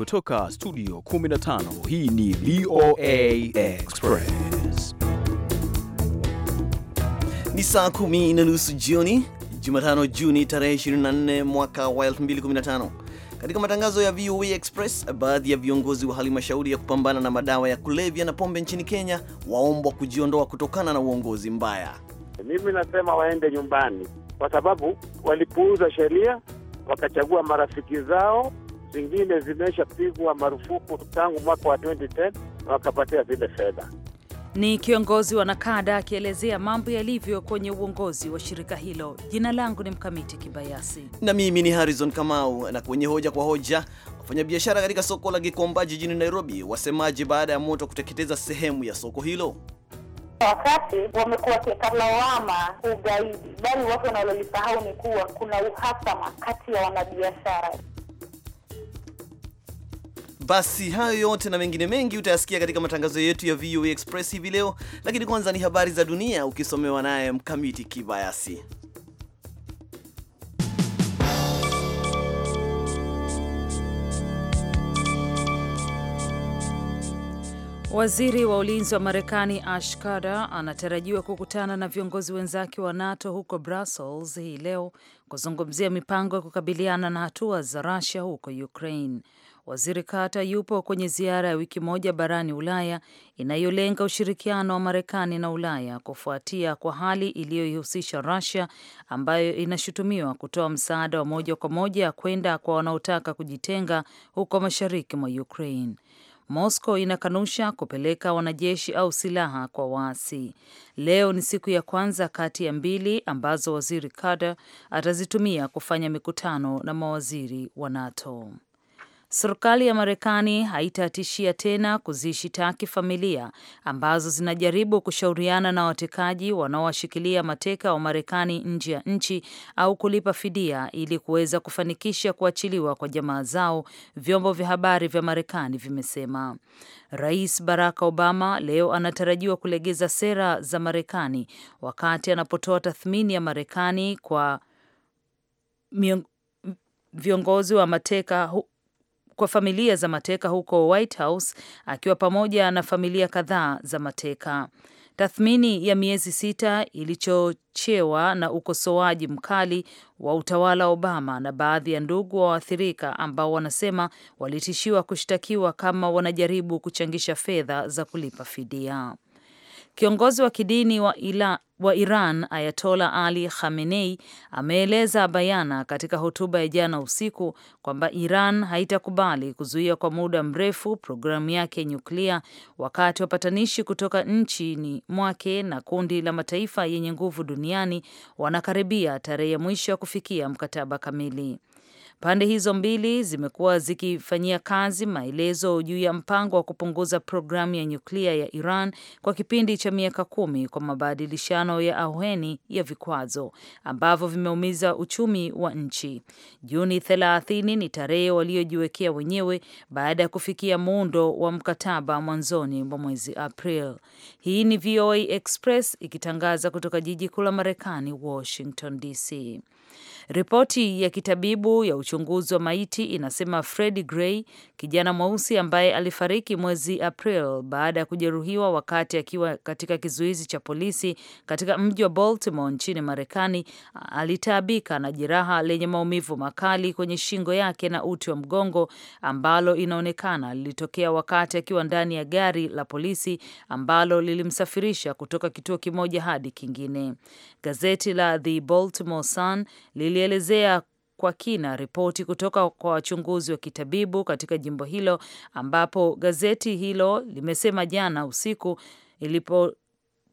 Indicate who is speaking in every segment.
Speaker 1: Kutoka studio 15 hii ni
Speaker 2: VOA
Speaker 1: Express.
Speaker 3: Ni saa kumi na nusu jioni Jumatano, Juni tarehe 24 mwaka wa 2015. Katika matangazo ya VOA Express, baadhi ya viongozi wa halmashauri ya kupambana na madawa ya kulevya na pombe nchini Kenya waombwa kujiondoa kutokana na uongozi mbaya.
Speaker 4: Mimi nasema waende nyumbani, kwa sababu walipuuza sheria, wakachagua marafiki zao zingine zimeshapigwa marufuku tangu mwaka wa 2010 na wakapatia zile fedha.
Speaker 5: Ni kiongozi wa NACADA akielezea mambo yalivyo kwenye uongozi wa shirika hilo. Jina langu ni Mkamiti Kibayasi
Speaker 3: na mimi ni Harrison Kamau. Na kwenye hoja kwa hoja, wafanyabiashara katika soko la Gikomba jijini Nairobi wasemaje baada ya moto kuteketeza sehemu ya soko hilo?
Speaker 5: Wakati wamekuwa wakiweka lawama ugaidi, bali watu wanalolisahau ni kuwa kuna uhasama
Speaker 4: kati ya wanabiashara.
Speaker 3: Basi hayo yote na mengine mengi utayasikia katika matangazo yetu ya VOA Express hivi leo, lakini kwanza ni habari za dunia ukisomewa naye Mkamiti Kibayasi.
Speaker 5: Waziri wa ulinzi wa Marekani Ash Carter anatarajiwa kukutana na viongozi wenzake wa NATO huko Brussels hii leo kuzungumzia mipango ya kukabiliana na hatua za Russia huko Ukraine. Waziri Carter yupo kwenye ziara ya wiki moja barani Ulaya inayolenga ushirikiano wa Marekani na Ulaya kufuatia kwa hali iliyoihusisha Russia ambayo inashutumiwa kutoa msaada wa moja kwa moja kwenda kwa wanaotaka kujitenga huko mashariki mwa Ukraine. Moscow inakanusha kupeleka wanajeshi au silaha kwa waasi. Leo ni siku ya kwanza kati ya mbili ambazo Waziri Carter atazitumia kufanya mikutano na mawaziri wa NATO serikali ya Marekani haitatishia tena kuzishitaki familia ambazo zinajaribu kushauriana na watekaji wanaowashikilia mateka wa Marekani nje ya nchi au kulipa fidia ili kuweza kufanikisha kuachiliwa kwa jamaa zao, vyombo vya habari vya Marekani vimesema. Rais Barack Obama leo anatarajiwa kulegeza sera za Marekani wakati anapotoa tathmini ya Marekani kwa viongozi wa mateka kwa familia za mateka huko White House akiwa pamoja na familia kadhaa za mateka. Tathmini ya miezi sita ilichochewa na ukosoaji mkali wa utawala wa Obama na baadhi ya ndugu wa waathirika ambao wanasema walitishiwa kushtakiwa kama wanajaribu kuchangisha fedha za kulipa fidia. Kiongozi wa kidini wa, ila, wa Iran Ayatola Ali Khamenei ameeleza bayana katika hotuba ya jana usiku kwamba Iran haitakubali kuzuia kwa muda mrefu programu yake ya nyuklia, wakati wapatanishi kutoka nchini mwake na kundi la mataifa yenye nguvu duniani wanakaribia tarehe ya mwisho ya kufikia mkataba kamili. Pande hizo mbili zimekuwa zikifanyia kazi maelezo juu ya mpango wa kupunguza programu ya nyuklia ya Iran kwa kipindi cha miaka kumi kwa mabadilishano ya auheni ya vikwazo ambavyo vimeumiza uchumi wa nchi. Juni 30 ni tarehe waliojiwekea wenyewe baada ya kufikia muundo wa mkataba mwanzoni mwa mwezi April. Hii ni VOA Express ikitangaza kutoka jiji kuu la Marekani, Washington DC. Ripoti ya kitabibu ya uchunguzi wa maiti inasema Freddie Gray, kijana mweusi ambaye alifariki mwezi April baada ya kujeruhiwa wakati akiwa katika kizuizi cha polisi katika mji wa Baltimore nchini Marekani, alitaabika na jeraha lenye maumivu makali kwenye shingo yake na uti wa mgongo ambalo inaonekana lilitokea wakati akiwa ndani ya gari la polisi ambalo lilimsafirisha kutoka kituo kimoja hadi kingine. Gazeti la The Baltimore Sun lili alielezea kwa kina ripoti kutoka kwa wachunguzi wa kitabibu katika jimbo hilo ambapo gazeti hilo limesema jana usiku ilipo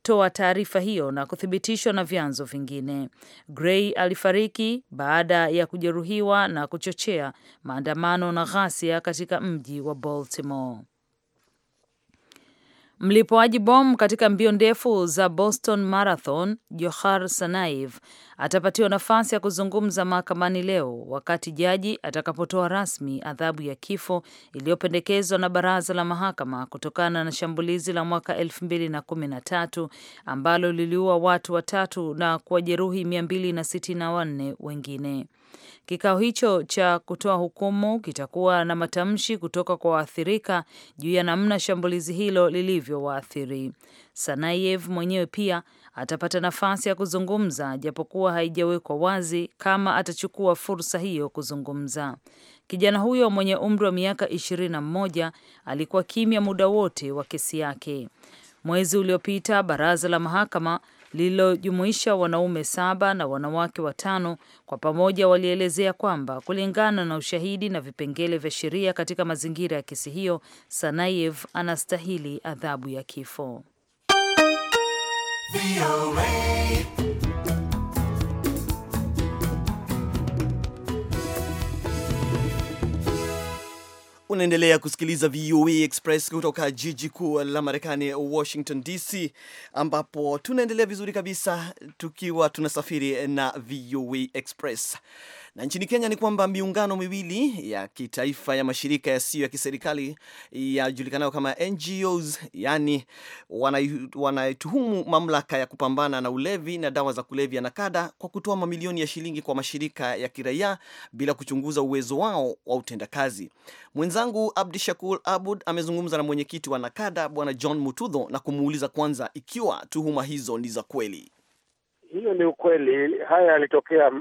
Speaker 5: toa taarifa hiyo na kuthibitishwa na vyanzo vingine. Gray alifariki baada ya kujeruhiwa na kuchochea maandamano na ghasia katika mji wa Baltimore. Mlipoaji bomu katika mbio ndefu za Boston Marathon, Johar Sanaiv atapatiwa nafasi ya kuzungumza mahakamani leo wakati jaji atakapotoa rasmi adhabu ya kifo iliyopendekezwa na baraza la mahakama kutokana na shambulizi la mwaka 2013 ambalo liliua watu watatu na kuwajeruhi 264 wengine. Kikao hicho cha kutoa hukumu kitakuwa na matamshi kutoka kwa waathirika juu ya namna shambulizi hilo lilivyowaathiri. Sanayev mwenyewe pia atapata nafasi ya kuzungumza, japokuwa haijawekwa wazi kama atachukua fursa hiyo kuzungumza. Kijana huyo mwenye umri wa miaka ishirini na mmoja alikuwa kimya muda wote wa kesi yake. Mwezi uliopita baraza la mahakama lililojumuisha wanaume saba na wanawake watano, kwa pamoja walielezea kwamba kulingana na ushahidi na vipengele vya sheria katika mazingira ya kesi hiyo, Sanayev anastahili adhabu ya kifo.
Speaker 3: Unaendelea kusikiliza VOA Express kutoka jiji kuu la Marekani, Washington DC, ambapo tunaendelea vizuri kabisa tukiwa tunasafiri na VOA Express. Na nchini Kenya ni kwamba miungano miwili ya kitaifa ya mashirika yasiyo ya kiserikali yajulikanayo kama NGOs, yani wanaituhumu mamlaka ya kupambana na ulevi na dawa za kulevya kada kwa kutoa mamilioni ya shilingi kwa mashirika ya kiraia bila kuchunguza uwezo wao wa utendakazi. Mwenzangu Abdi Shakur Abud amezungumza na mwenyekiti wa nakada Bwana John Mutudho na kumuuliza kwanza ikiwa tuhuma hizo ni za kweli.
Speaker 4: Hiyo ni ukweli. Haya yalitokea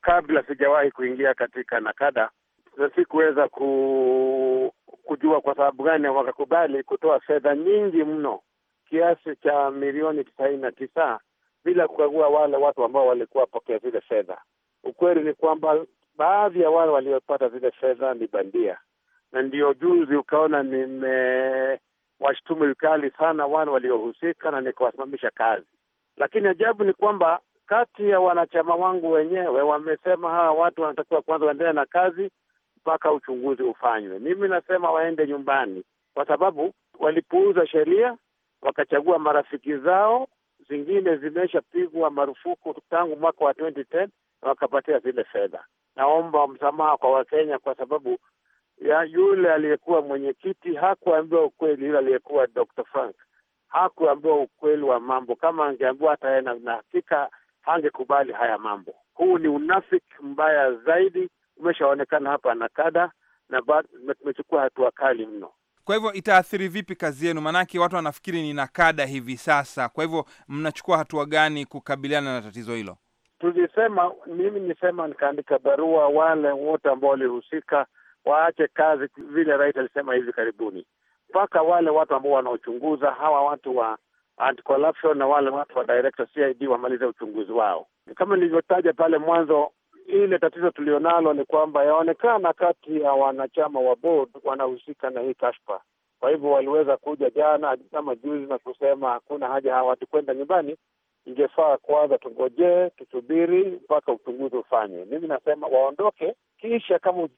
Speaker 4: kabla sijawahi kuingia katika nakada na sikuweza ku, kujua kwa sababu gani wakakubali kutoa fedha nyingi mno kiasi cha milioni tisaini na tisa bila kukagua wale watu ambao walikuwa wapokea zile fedha. Ukweli ni kwamba baadhi ya wale waliopata zile fedha ni bandia, na ndio juzi ukaona nimewashtumu vikali sana wale waliohusika na nikawasimamisha kazi. Lakini ajabu ni kwamba kati ya wanachama wangu wenyewe wamesema hawa watu wanatakiwa kwanza waendelee na kazi mpaka uchunguzi ufanywe. Mimi nasema waende nyumbani, kwa sababu walipuuza sheria, wakachagua marafiki zao, zingine zimeshapigwa marufuku tangu mwaka wa 2010 na wakapatia zile fedha. Naomba msamaha kwa Wakenya kwa sababu ya yule aliyekuwa mwenyekiti hakuambiwa ukweli, yule aliyekuwa Dr. Frank hakuambiwa ukweli wa mambo. Kama angeambiwa hata yeye, na hakika hangekubali haya mambo. Huu ni unafiki mbaya zaidi, umeshaonekana hapa na kada na tumechukua hatua kali mno.
Speaker 1: Kwa hivyo itaathiri vipi kazi yenu? Maanake watu wanafikiri ni nakada hivi sasa. Kwa hivyo mnachukua hatua gani kukabiliana na tatizo hilo?
Speaker 4: Tulisema, mimi nisema, nikaandika barua wale wote ambao walihusika waache kazi, vile rais alisema hivi karibuni mpaka wale watu ambao wanaochunguza hawa watu wa anti-corruption na wale watu wa director CID wamalize uchunguzi wao. Kama nilivyotaja pale mwanzo, ile tatizo tulionalo ni kwamba yaonekana kati ya wanachama wa board wanahusika na hii kashfa. Kwa hivyo waliweza kuja jana kama juzi na kusema hakuna haja hawa watu kwenda nyumbani, ingefaa kwanza tungojee tusubiri mpaka uchunguzi ufanye. Mimi nasema waondoke, kisha kama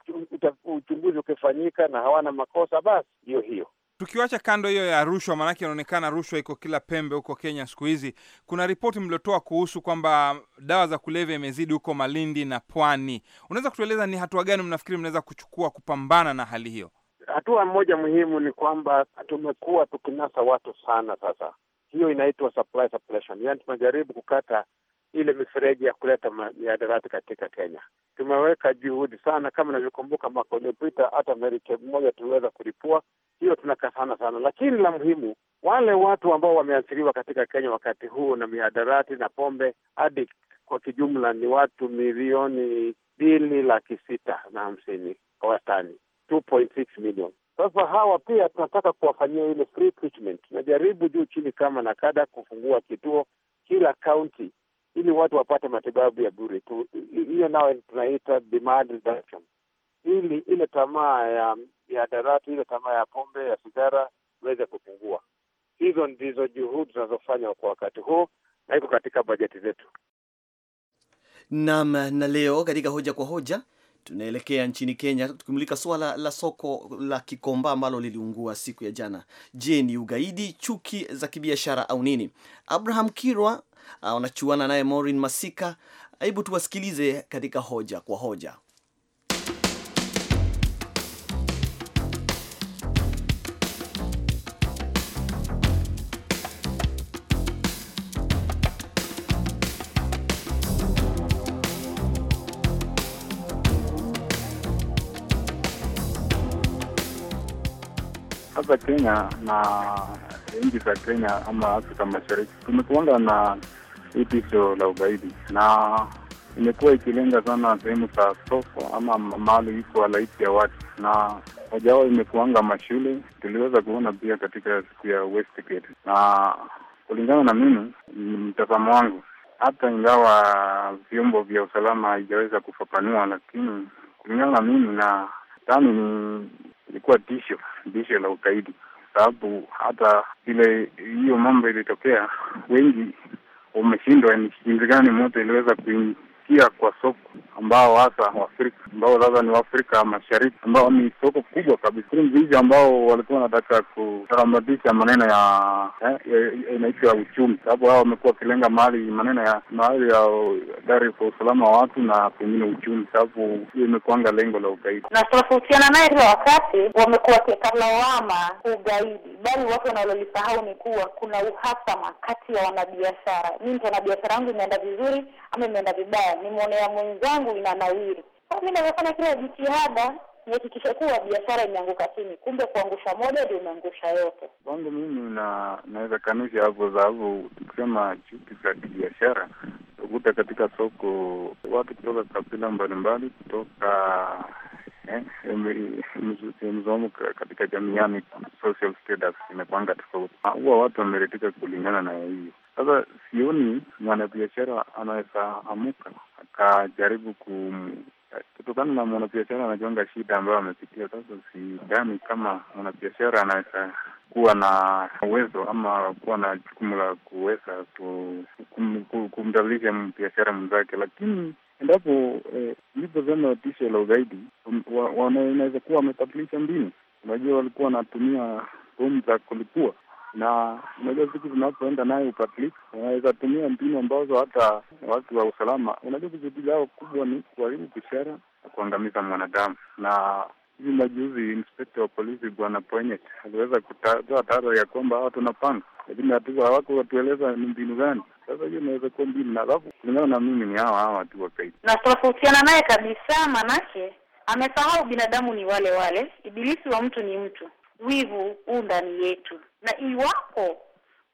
Speaker 4: uchunguzi ukifanyika na hawana makosa, basi ndiyo hiyo.
Speaker 1: Tukiwacha kando hiyo ya rushwa, maanake inaonekana rushwa iko kila pembe huko Kenya siku hizi. Kuna ripoti mliotoa kuhusu kwamba dawa za kulevya imezidi huko Malindi na Pwani. Unaweza kutueleza ni hatua gani mnafikiri mnaweza kuchukua kupambana na hali hiyo?
Speaker 4: Hatua moja muhimu ni kwamba tumekuwa tukinasa watu sana. Sasa hiyo inaitwa supply suppression, yaani tunajaribu kukata ile mifereji ya kuleta miadarati katika Kenya. Tumeweka juhudi sana, kama navyokumbuka mwaka uliopita hata merikebu mmoja tuliweza kulipua, hiyo tunakasana sana, lakini la muhimu wale watu ambao wameathiriwa katika Kenya wakati huu na mihadarati na pombe hadi kwa kijumla ni watu milioni mbili laki sita na hamsini kwa wastani, 2.6 million. Sasa hawa pia tunataka kuwafanyia ile free treatment. Tunajaribu juu chini, kama na kada, kufungua kituo kila kaunti ili watu wapate matibabu ya bure tu. Hiyo nayo tunaita demand reduction, ili ile tamaa ya ya darati, ile tamaa ya pombe, ya sigara iweze kupungua. Hizo ndizo juhudi zinazofanywa kwa wakati huu na iko katika bajeti zetu.
Speaker 3: Naam, na leo katika hoja kwa hoja Tunaelekea nchini Kenya tukimulika suala la soko la Kikomba ambalo liliungua siku ya jana. Je, ni ugaidi, chuki za kibiashara au nini? Abraham Kirwa ah, anachuana naye Maureen Masika. Hebu tuwasikilize katika hoja kwa hoja.
Speaker 2: hapa Kenya na nchi za Kenya ama Afrika Mashariki tumekuanga na hii tisho la ugaidi na imekuwa ikilenga sana sehemu za soko ama mahali iko halaiki ya watu, na moja wao imekuanga mashule. Tuliweza kuona pia katika siku ya Westgate, na kulingana na mimi, mtazamo wangu, hata ingawa vyombo vya usalama haijaweza kufafanua, lakini kulingana na mimi na tani ni ilikuwa tisho tisho la ugaidi, sababu hata ile hiyo mambo ilitokea, wengi wameshindwa ni jinsi gani moto iliweza kufikia kwa soko ambao hasa Waafrika ambao sasa ni Waafrika Mashariki ambao ni soko kubwa kabisa. hizi ambao walikuwa wanataka kutamatisha maneno ya eh, inaitwa uchumi, sababu hao wamekuwa wakilenga mahali maneno ya mahali ya dari kwa usalama wa watu na pengine uchumi, sababu hiyo imekuanga lengo la ugaidi, na tunatofautiana naye kila wakati. Wamekuwa wakikalawama
Speaker 4: ugaidi, bali watu wanalolisahau ni kuwa kuna uhasama kati ya wanabiashara. Mimi mtu wanabiashara yangu imeenda vizuri ama imeenda vibaya nimwonea mwenzangu inanawiri. Kwa mimi
Speaker 2: nimefanya kila jitihada nihakikisha kuwa biashara imeanguka chini, kumbe kuangusha moja ndio umeangusha yote. Kwangu mimi na- naweza kanisha hapo sababu, tukisema chuki za kibiashara ukuta katika soko watu kutoka kabila mbalimbali kutoka sehemu zamo katika jamii, yani social status imepanga tofauti, huwa watu wameretika kulingana na hiyo. Sasa sioni mwanabiashara anaweza amuka akajaribu ku kutokana na mwanabiashara anajonga shida ambayo amepitia. Sasa sidhani kama mwanabiashara anaweza kuwa na uwezo ama kuwa na jukumu la kuweza kumdhalilisha biashara mwenzake, lakini endapo zema eh, tisho la ugaidi, wanaweza kuwa wamebadilisha mbinu. Unajua, walikuwa wanatumia bomu za kulipua na unajua vitu vinapoenda naye ubadilika, unaweza tumia mbinu ambazo hata watu wa usalama, unajua kusudi lao kubwa ni kuharibu biashara na kuangamiza mwanadamu. Na hivi majuzi inspekta wa polisi Bwana Poenyet aliweza kutoa tara ya kwamba hawa tunapanga, lakini hawako watueleza ni mbinu gani. Sasa hiyo inaweza kuwa mbinu, na alafu kulingana na mimi ni hawa hawa watu wakaidi,
Speaker 4: na tofautiana naye kabisa,
Speaker 5: manake amesahau binadamu ni wale wale, ibilisi wa mtu ni mtu, wivu huu ndani yetu na iwapo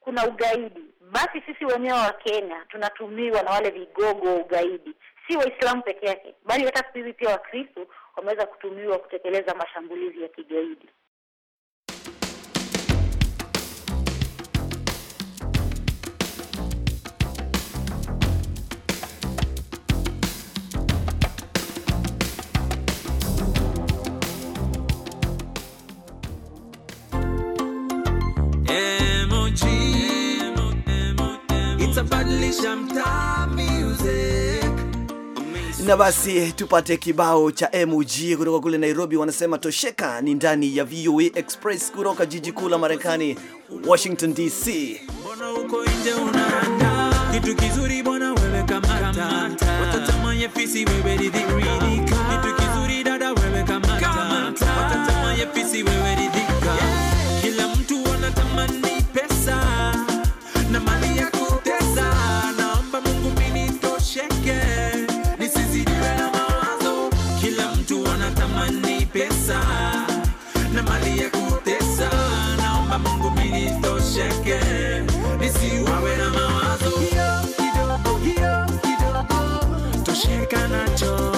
Speaker 5: kuna ugaidi, basi sisi wenyewe wa Kenya
Speaker 4: tunatumiwa na wale vigogo wa ugaidi, si Waislamu peke yake, bali hata siku hizi pia Wakristo wameweza kutumiwa kutekeleza mashambulizi ya kigaidi.
Speaker 6: tabadilisha
Speaker 1: mtaa music
Speaker 3: na basi tupate kibao cha MG kutoka kule Nairobi, wanasema tosheka. Ni ndani ya VOA Express kutoka jiji kuu la Marekani, Washington DC. Mbona uko nje unaanda kitu
Speaker 5: kizuri, bwana wewe kamata, watatamani
Speaker 7: fisi wewe ridhika,
Speaker 1: kitu kizuri dada wewe kamata, watatamani fisi wewe el Nacho.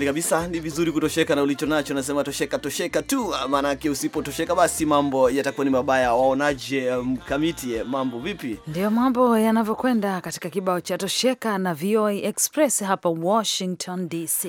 Speaker 3: kweli kabisa, ni vizuri kutosheka na ulichonacho. Nasema tosheka, tosheka tu, maanake usipotosheka basi mambo yatakuwa ni mabaya. Waonaje mkamiti? Um, mambo vipi?
Speaker 5: Ndio mambo yanavyokwenda katika kibao cha tosheka na VOA Express hapa Washington DC.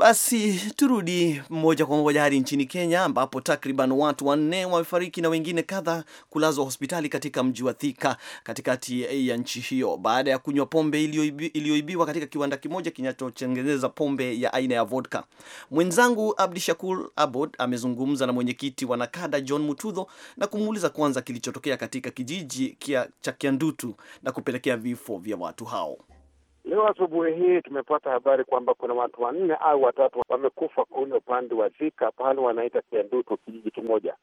Speaker 3: Basi turudi moja kwa moja hadi nchini Kenya ambapo takriban watu wanne wamefariki na wengine kadha kulazwa hospitali katika mji wa Thika katikati ya nchi hiyo baada ya kunywa pombe iliyoibiwa katika kiwanda kimoja kinachotengeneza pombe ya aina ya vodka. Mwenzangu Abdi Shakur Abod amezungumza na mwenyekiti wa Nakada John Mutudho na kumuuliza kwanza kilichotokea katika kijiji cha Kiandutu na kupelekea vifo vya watu hao.
Speaker 4: Leo asubuhi hii tumepata habari kwamba kuna watu wanne au watatu wamekufa kule upande wa Zika, pale wanaita Kianduto, kijiji kimoja.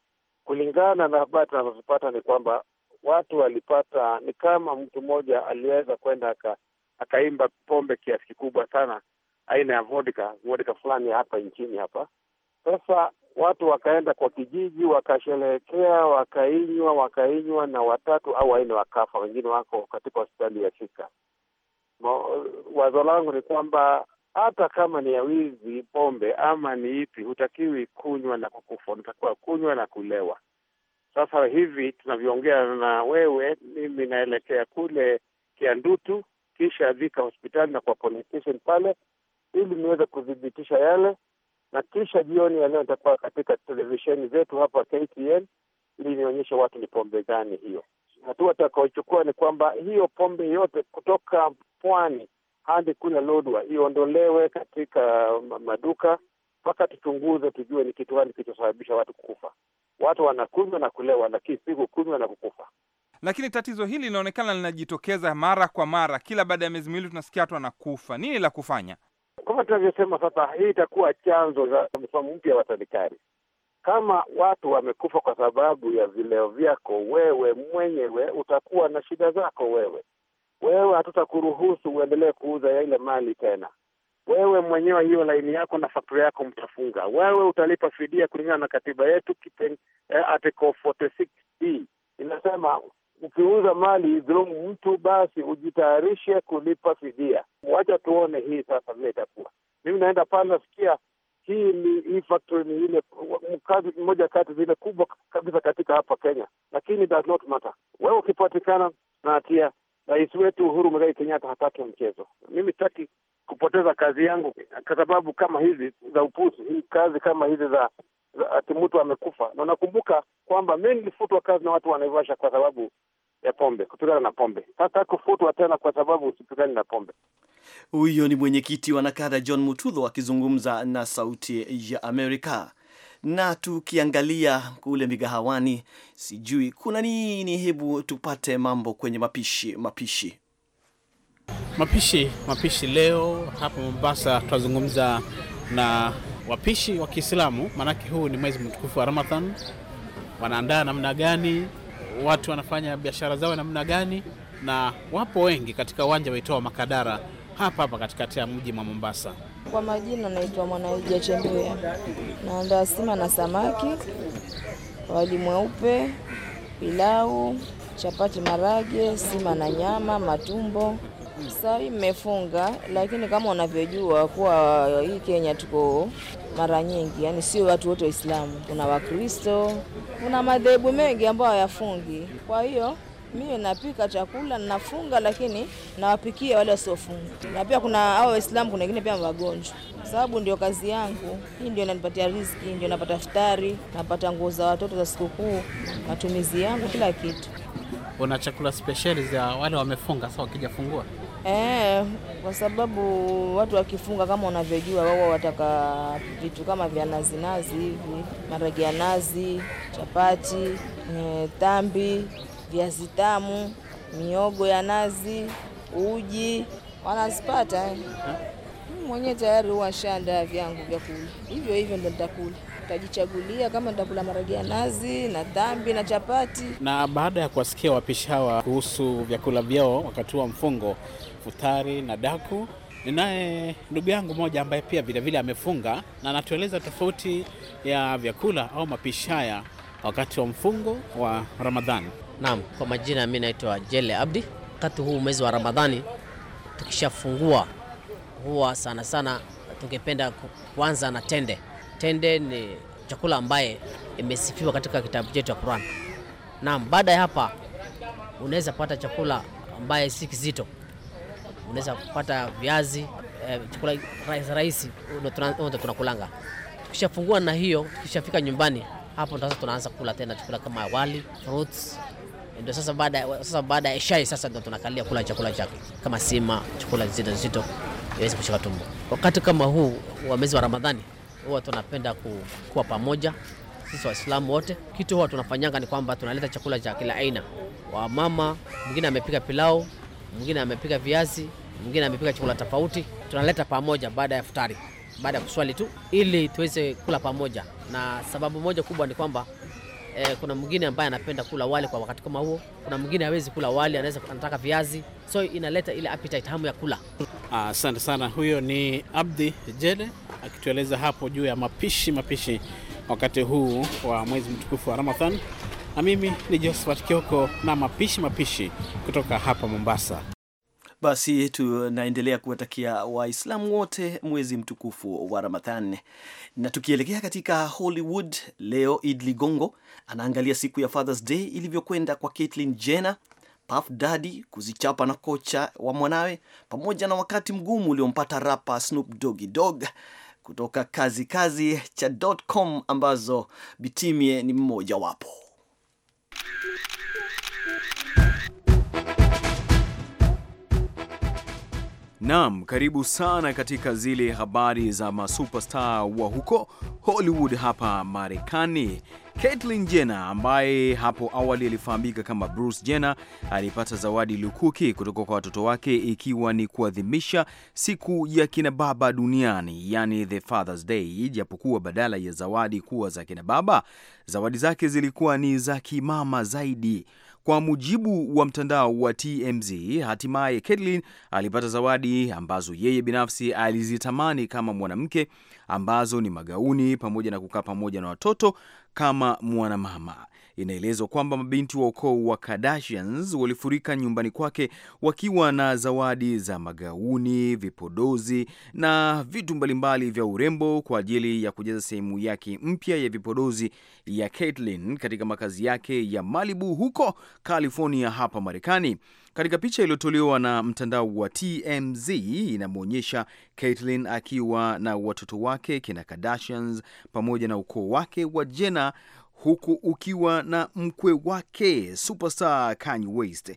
Speaker 4: Kulingana na habari tunazozipata ni kwamba watu walipata, ni kama mtu mmoja aliweza kwenda aka, akaimba pombe kiasi kikubwa sana, aina ya vodka, vodka fulani hapa nchini hapa. Sasa watu wakaenda kwa kijiji, wakasherehekea, wakainywa, wakainywa, na watatu au wanne wakafa, wengine wako katika hospitali ya Zika. Wazo langu ni kwamba hata kama ni ya wizi pombe ama ni ipi, hutakiwi kunywa na kukufa, unatakiwa kunywa na kulewa. Sasa hivi tunavyoongea na wewe, mimi naelekea kule Kiandutu, kisha vika hospitali na kwa police station pale, ili niweze kuthibitisha yale, na kisha jioni ya leo nitakuwa katika televisheni zetu hapa KTN ili nionyeshe watu ni pombe gani hiyo hatua tutakaochukua ni kwamba hiyo pombe yote kutoka pwani hadi kule Lodwa iondolewe katika uh, maduka mpaka tuchunguze, tujue ni kitu gani kilichosababisha watu kukufa. Watu wanakunywa na kulewa, lakini si kukunywa na kukufa.
Speaker 1: Lakini tatizo hili linaonekana linajitokeza mara kwa mara, kila baada ya miezi miwili tunasikia watu wanakufa. Nini la kufanya?
Speaker 4: Kama tunavyosema sasa, hii itakuwa chanzo za msimamo mpya wa serikali. Kama watu wamekufa kwa sababu ya vileo vyako wewe mwenyewe, utakuwa na shida zako wewe wewe, hatutakuruhusu uendelee kuuza ile mali tena. Wewe mwenyewe hiyo laini yako na faktura yako mtafunga. Wewe utalipa fidia kulingana na katiba yetu eh, inasema ukiuza mali dhulumu mtu, basi ujitayarishe kulipa fidia. Wacha tuone hii sasa vile itakuwa. Mimi naenda pale nasikia hii ni hii factory ni ile kazi mmoja kati zile kubwa kabisa katika hapa Kenya, lakini does not matter. Wewe ukipatikana na hatia, rais wetu Uhuru Muigai Kenyatta hataki mchezo. Mimi sitaki kupoteza kazi yangu kwa sababu kama hizi za upuzi, hii kazi kama hizi za ati mtu amekufa, na nakumbuka kwamba mengi nilifutwa kazi na watu wanaivasha kwa sababu ya pombe, kupigana na pombe. Sasa kufutwa tena kwa sababu usipigani na pombe.
Speaker 3: Huyo ni mwenyekiti wa Nakada John Mutudho akizungumza na Sauti ya Amerika. Na tukiangalia kule migahawani, sijui kuna nini, hebu tupate mambo kwenye mapishi. Mapishi,
Speaker 7: mapishi, mapishi. Leo hapa Mombasa tunazungumza na wapishi wa Kiislamu, maanake huu ni mwezi mtukufu wa Ramadhan. Wanaandaa namna gani watu wanafanya biashara zao namna gani, na wapo wengi katika uwanja waitoa Makadara hapa hapa katikati ya mji mwa Mombasa.
Speaker 6: Kwa majina naitwa Mwanaija Chembuya, naandaa sima na samaki, wali mweupe, pilau, chapati, marage, sima na nyama, matumbo. Saa mmefunga, lakini kama unavyojua kuwa hii Kenya tuko mara nyingi, yani sio watu wote Waislamu, kuna Wakristo, kuna madhehebu mengi ambayo hayafungi. Kwa hiyo mimi napika chakula nafunga, lakini nawapikia wale wasiofunga, na pia kuna hao Waislamu, kuna wengine pia wagonjwa, kwa sababu ndio kazi yangu hii, ndio inanipatia riziki, ndio napata iftari, napata nguo za watoto za sikukuu, matumizi yangu, kila kitu.
Speaker 7: Una chakula spesheli za wale wamefunga, sasa wakija fungua
Speaker 6: Eh, kwa sababu watu wakifunga kama unavyojua wao wataka vitu kama vya nazi nazi hivi, maragi ya nazi, chapati, eh, tambi, viazi tamu, miogo ya nazi, uji wanazipata eh. Mwenyewe tayari huwa shanda vyangu vya kula. Hivyo hivyo ndo nitakula tajichagulia kama nitakula maragi ya nazi na dhambi na chapati.
Speaker 7: Na baada ya kuwasikia wapishi hawa kuhusu vyakula vyao wakati wa mfungo, futari na daku. Ninaye ndugu yangu mmoja ambaye pia vilevile amefunga na anatueleza tofauti ya vyakula au mapishi haya wakati wa mfungo
Speaker 8: wa Ramadhani. Naam, kwa majina mimi naitwa Jele Abdi. Wakati huu mwezi wa Ramadhani tukishafungua, huwa sana sana tungependa kuanza na tende. Tende ni chakula ambaye imesifiwa katika kitabu chetu cha Qur'an. Naam, baada ya hapa unaweza pata chakula ambaye si kizito unaweza kupata viazi eh, chakula rahisi rahisi, ndio tunakulanga. Tukishafungua na hiyo, tukishafika nyumbani hapo sasa tunaanza kula tena chakula kama wali, fruits ndio sasa baada sasa baada ya shai sasa ndio tunakalia kula chakula chake kama sima, chakula zito zito iweze kushika tumbo. Wakati kama huu wa mwezi wa Ramadhani huwa tunapenda ku, kuwa pamoja sisi Waislamu wote. Kitu huwa tunafanyanga ni kwamba tunaleta chakula cha kila aina, wamama, mwingine amepika pilau mwingine amepika viazi, mwingine amepika chakula tofauti, tunaleta pamoja baada ya futari, baada ya kuswali tu, ili tuweze kula pamoja. Na sababu moja kubwa ni kwamba e, kuna mwingine ambaye anapenda kula wali kwa wakati kama huo, kuna mwingine hawezi kula wali, anaweza anataka viazi, so inaleta ile appetite, hamu ya kula.
Speaker 7: Asante ah, sana. Huyo ni Abdi Jele akitueleza hapo juu ya mapishi mapishi wakati huu wa mwezi mtukufu wa Ramadhan na mimi ni Josephat Kioko na mapishi mapishi kutoka hapa Mombasa. Basi tunaendelea kuwatakia Waislamu wote mwezi mtukufu wa Ramadhani.
Speaker 3: Na tukielekea katika Hollywood leo, Id Ligongo anaangalia siku ya Father's Day ilivyokwenda kwa Caitlyn Jenner, Puff Daddy kuzichapa na kocha wa mwanawe, pamoja na wakati mgumu uliompata rapa Snoop Doggy Dogg kutoka kazi kazi chacom ambazo Bitimie ni mmoja wapo.
Speaker 1: Naam, karibu sana katika zile habari za masuperstar wa huko Hollywood hapa Marekani. Caitlyn Jenner ambaye hapo awali alifahamika kama Bruce Jenner alipata zawadi lukuki kutoka kwa watoto wake ikiwa ni kuadhimisha siku ya kina baba duniani, yani the Father's Day. Ijapokuwa badala ya zawadi kuwa za kina baba, zawadi zake zilikuwa ni za kimama zaidi. Kwa mujibu wa mtandao wa TMZ, hatimaye Caitlyn alipata zawadi ambazo yeye binafsi alizitamani kama mwanamke, ambazo ni magauni pamoja na kukaa pamoja na watoto kama mwanamama. Inaelezwa kwamba mabinti wa ukoo wa Kardashians walifurika nyumbani kwake wakiwa na zawadi za magauni, vipodozi na vitu mbalimbali vya urembo kwa ajili ya kujaza sehemu yake mpya ya vipodozi ya Caitlyn katika makazi yake ya Malibu huko California hapa Marekani. Katika picha iliyotolewa na mtandao wa TMZ inamwonyesha Caitlyn akiwa na watoto wake kina Kardashians pamoja na ukoo wake wa Jenner huku ukiwa na mkwe wake superstar Kanye West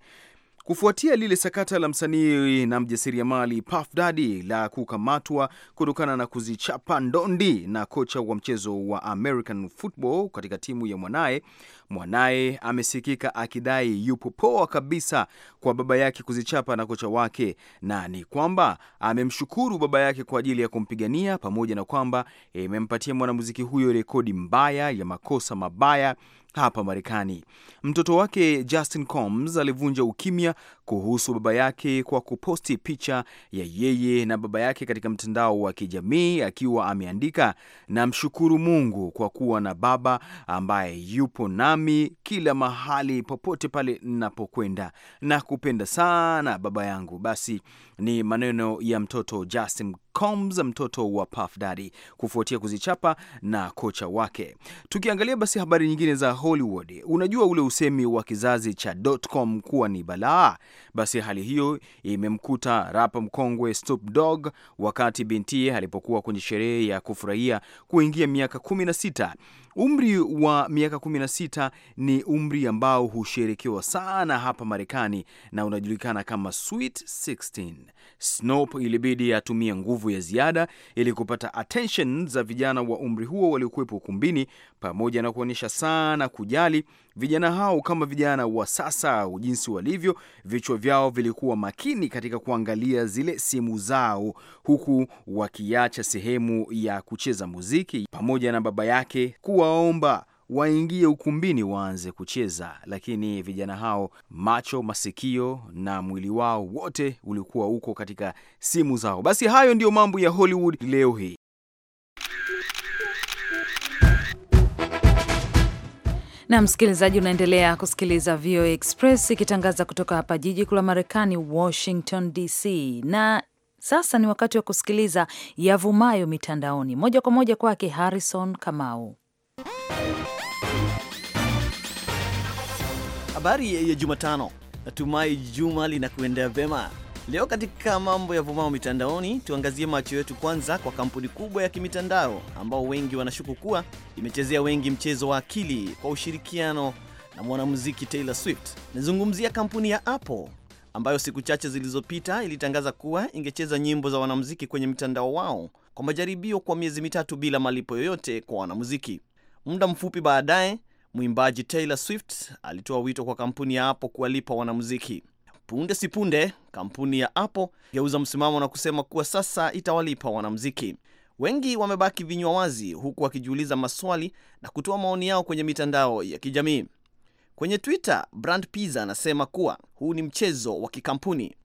Speaker 1: kufuatia lile sakata la msanii na mjasiriamali Puff Daddy la kukamatwa kutokana na kuzichapa ndondi na kocha wa mchezo wa American football katika timu ya mwanaye. Mwanaye amesikika akidai yupo poa kabisa kwa baba yake kuzichapa na kocha wake, na ni kwamba amemshukuru baba yake kwa ajili ya kumpigania, pamoja na kwamba eh, imempatia mwanamuziki huyo rekodi mbaya ya makosa mabaya hapa Marekani. Mtoto wake Justin Combs alivunja ukimya kuhusu baba yake kwa kuposti picha ya yeye na baba yake katika mtandao wa kijamii akiwa ameandika, namshukuru Mungu kwa kuwa na baba ambaye yupo nami kila mahali popote pale ninapokwenda, na kupenda sana baba yangu. Basi ni maneno ya mtoto Justin Combs, mtoto wa Puff Daddy, kufuatia kuzichapa na kocha wake. Tukiangalia basi habari nyingine za Hollywood, unajua ule usemi wa kizazi cha dotcom kuwa ni balaa, basi hali hiyo imemkuta rapa mkongwe Snoop Dogg wakati bintie alipokuwa kwenye sherehe ya kufurahia kuingia miaka 16 Umri wa miaka 16 ni umri ambao husherekewa sana hapa Marekani na unajulikana kama Sweet 16. Snop ilibidi atumie nguvu ya ziada ili kupata attention za vijana wa umri huo waliokuwepo ukumbini pamoja na kuonyesha sana kujali vijana hao kama vijana wa sasa jinsi walivyo. Vichwa vyao vilikuwa makini katika kuangalia zile simu zao, huku wakiacha sehemu ya kucheza muziki pamoja na baba yake kuwaomba waingie ukumbini waanze kucheza, lakini vijana hao macho, masikio na mwili wao wote ulikuwa uko katika simu zao. Basi hayo ndiyo mambo ya Hollywood leo hii.
Speaker 5: Na msikilizaji, unaendelea kusikiliza VOA Express ikitangaza kutoka hapa jiji kuu la Marekani, Washington DC, na sasa ni wakati wa kusikiliza yavumayo mitandaoni moja kwa moja kwake Harrison Kamau.
Speaker 3: Habari ya Jumatano, natumai juma linakuendea vema Leo katika mambo ya vumao mitandaoni, tuangazie macho yetu kwanza kwa kampuni kubwa ya kimitandao ambao wengi wanashuku kuwa imechezea wengi mchezo wa akili kwa ushirikiano na mwanamuziki Taylor Swift. Nazungumzia kampuni ya Apple ambayo siku chache zilizopita ilitangaza kuwa ingecheza nyimbo za wanamuziki kwenye mitandao wao kwa majaribio kwa miezi mitatu bila malipo yoyote kwa wanamuziki. Muda mfupi baadaye, mwimbaji Taylor Swift alitoa wito kwa kampuni ya Apple kuwalipa wanamuziki. Punde si punde kampuni ya Apple geuza msimamo na kusema kuwa sasa itawalipa wanamziki Wengi wamebaki vinywa wazi, huku wakijiuliza maswali na kutoa maoni yao kwenye mitandao ya kijamii. Kwenye Twitter, Brand Pizza anasema kuwa huu ni mchezo wa kikampuni.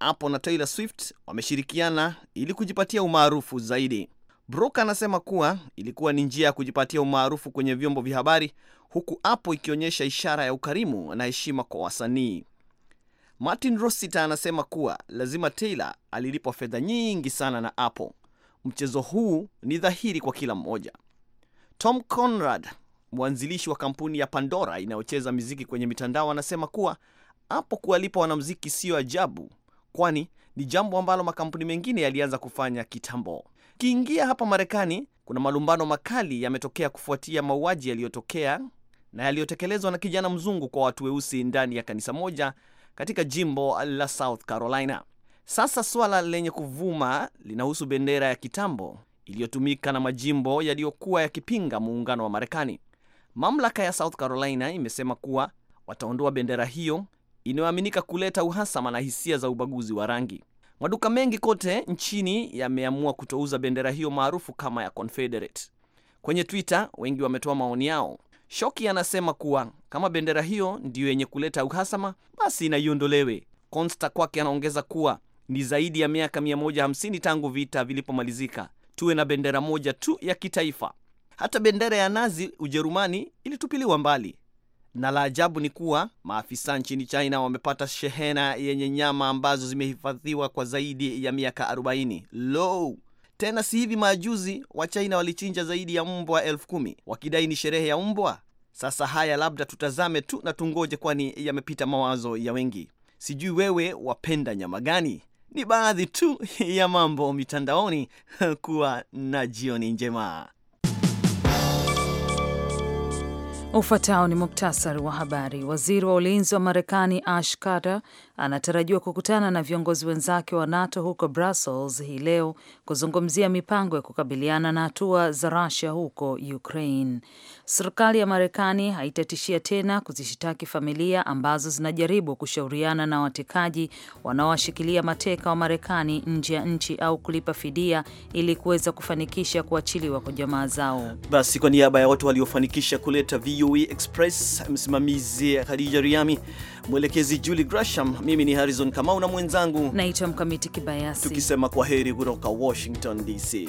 Speaker 3: Apple na Taylor Swift wameshirikiana ili kujipatia umaarufu zaidi. Brok anasema kuwa ilikuwa ni njia ya kujipatia umaarufu kwenye vyombo vya habari, huku apo ikionyesha ishara ya ukarimu na heshima kwa wasanii. Martin Rossiter anasema kuwa lazima Taylor alilipwa fedha nyingi sana na Apple. Mchezo huu ni dhahiri kwa kila mmoja. Tom Conrad, mwanzilishi wa kampuni ya Pandora inayocheza miziki kwenye mitandao, anasema kuwa apo kuwalipa wanamziki siyo ajabu, kwani ni jambo ambalo makampuni mengine yalianza kufanya kitambo. Kiingia hapa Marekani, kuna malumbano makali yametokea kufuatia mauaji yaliyotokea na yaliyotekelezwa na kijana mzungu kwa watu weusi ndani ya kanisa moja katika jimbo la South Carolina. Sasa suala lenye kuvuma linahusu bendera ya kitambo iliyotumika na majimbo yaliyokuwa yakipinga muungano wa Marekani. Mamlaka ya South Carolina imesema kuwa wataondoa bendera hiyo inayoaminika kuleta uhasama na hisia za ubaguzi wa rangi. Maduka mengi kote nchini yameamua kutouza bendera hiyo maarufu kama ya Confederate. Kwenye Twitter wengi wametoa maoni yao Shoki anasema kuwa kama bendera hiyo ndiyo yenye kuleta uhasama, basi inaiondolewe konsta kwake anaongeza kuwa ni zaidi ya miaka 150 tangu vita vilipomalizika, tuwe na bendera moja tu ya kitaifa. Hata bendera ya Nazi Ujerumani ilitupiliwa mbali, na la ajabu ni kuwa maafisa nchini China wamepata shehena yenye nyama ambazo zimehifadhiwa kwa zaidi ya miaka 40. Lo, tena si hivi majuzi Wachina walichinja zaidi ya mbwa elfu kumi wakidai ni sherehe ya mbwa. Sasa haya, labda tutazame tu na tungoje, kwani yamepita mawazo ya wengi. Sijui wewe wapenda nyama gani? Ni baadhi tu ya mambo mitandaoni. Kuwa na jioni njema.
Speaker 5: Ufuatao ni muktasari wa habari. Waziri wa ulinzi wa Marekani Ash Carter anatarajiwa kukutana na viongozi wenzake wa NATO huko Brussels hii leo kuzungumzia mipango ya kukabiliana na hatua za Russia huko Ukraine. Serikali ya Marekani haitatishia tena kuzishitaki familia ambazo zinajaribu kushauriana na watekaji wanaowashikilia mateka wa Marekani nje ya nchi au kulipa fidia ili kuweza kufanikisha kuachiliwa kwa jamaa zao.
Speaker 3: Basi, kwa niaba ya watu waliofanikisha kuleta VOA e Express, msimamizi Khadija Riami mwelekezi Julie Grasham, mimi ni Harrison Kamau na mwenzangu
Speaker 5: naitwa Mkamiti Kibayasi,
Speaker 3: tukisema kwa heri kutoka Washington DC.